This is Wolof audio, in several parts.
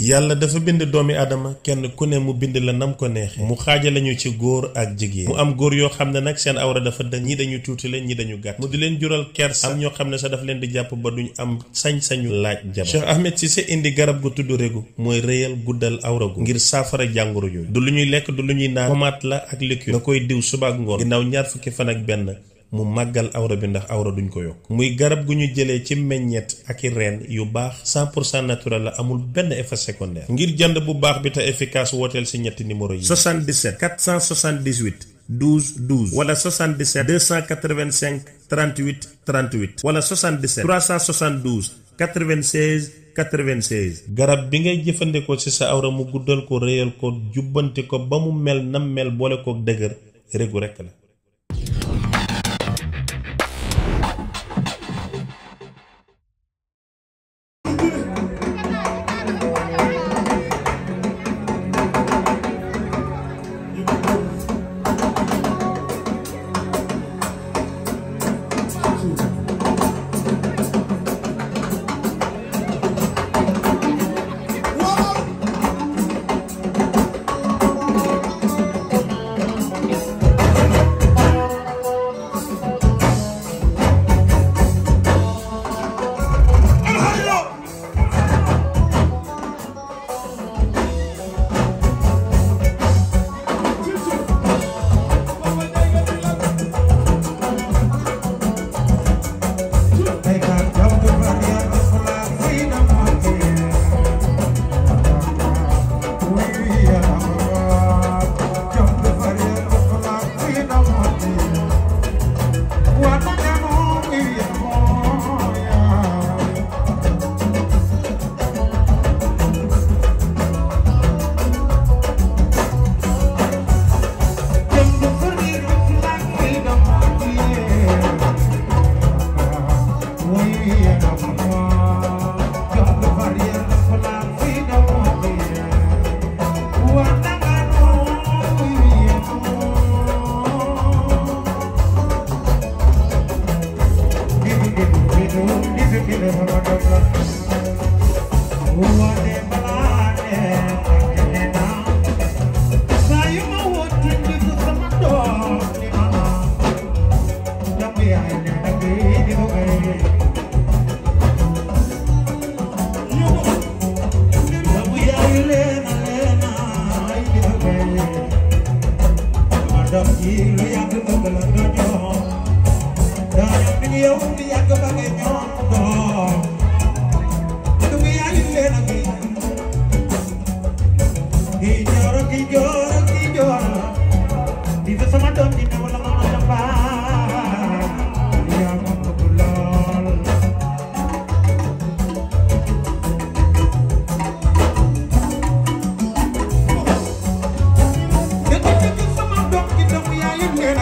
yàlla dafa bind doomi aadama kenn ku ne mu bind la nam ko neexee mu xaaja lañu ci góor ak jigéen mu am góor yoo xam ne nag seen awra dafa dëñ ñi dañu tuuti leen ñi dañu gàtt mu di leen jural kers am ñoo xam ne sax dafa leen di jàpp ba duñ am sañ-sañu laaj jabar Cheikh Ahmed Cissé indi garab gu tudd régu mooy réyal guddal awra gu ngir saafara jàngoro yooyu du lu ñuy lekk du lu ñuy naan pomaat la ak liquide nga koy diw suba ak ngoon ginnaaw ñaar fukki fan ak benn mu màggal awra bi ndax awra duñ ko yokk muy garab gu ñu jëlee ci meññeet ak i reen yu baax 100 pour cent naturel la amul benn effet secondaire ngir jënd bu baax bi te efficace wooteel si ñetti numéro yi 77 478 12 12 wala 77 285 38 38 wala 77 372 96 96. garab bi ngay jëfandikoo ci sa awra mu guddal ko reyal ko jubbanti ko ba mu mel nam mel boole kook dëgër régu rekk la.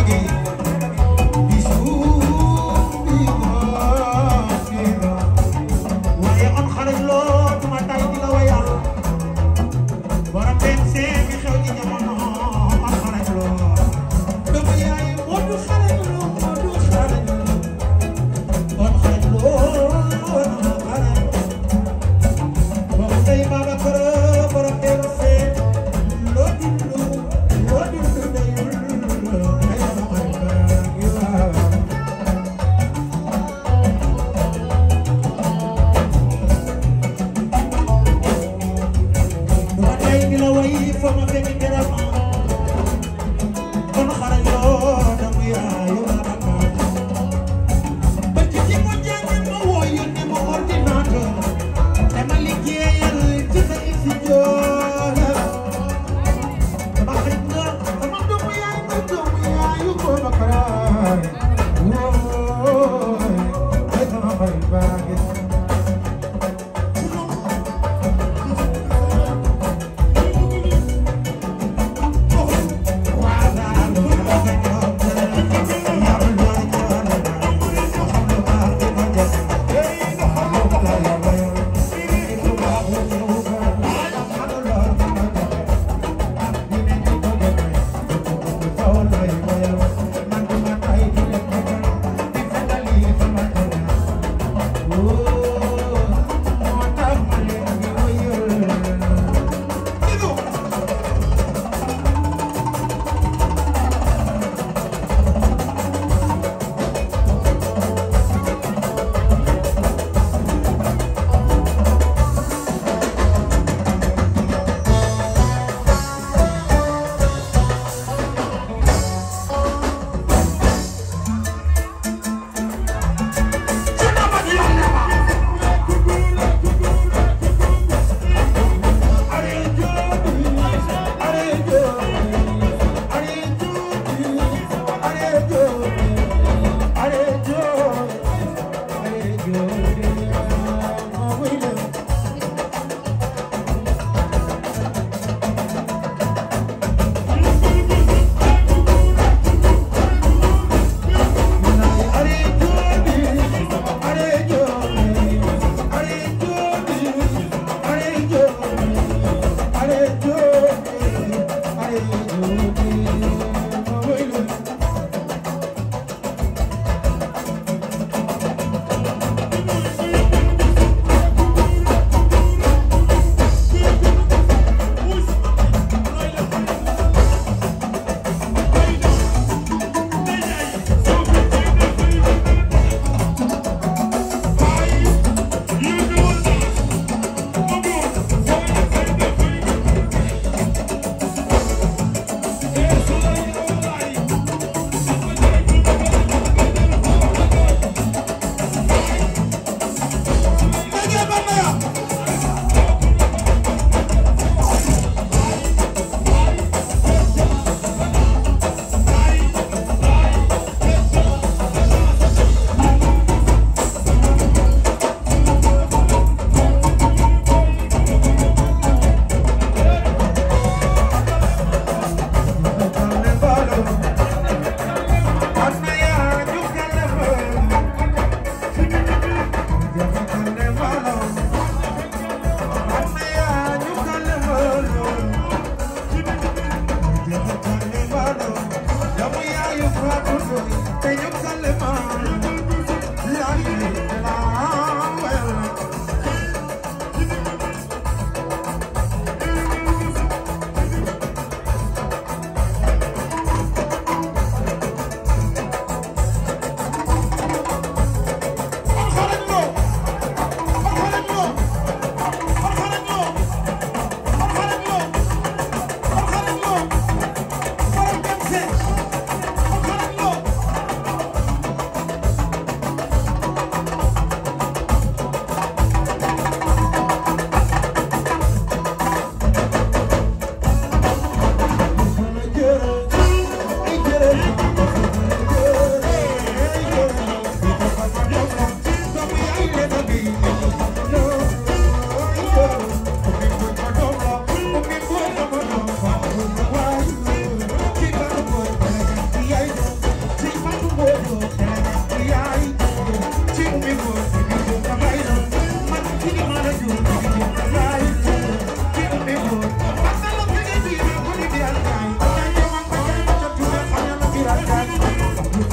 Thank you.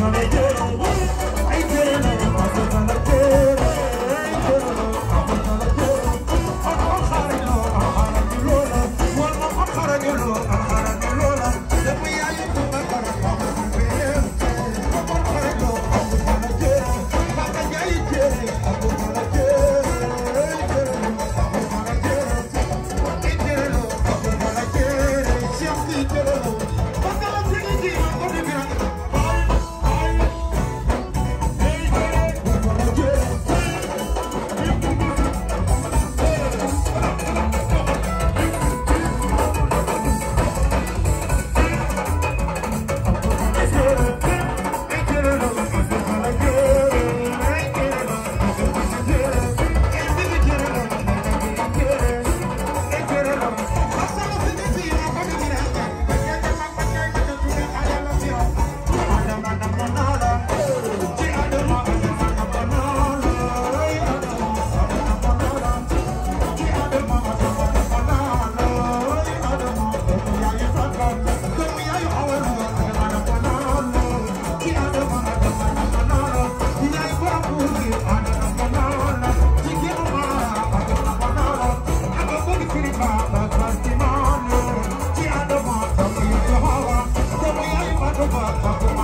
Mami, yo Paco, Paco, Paco.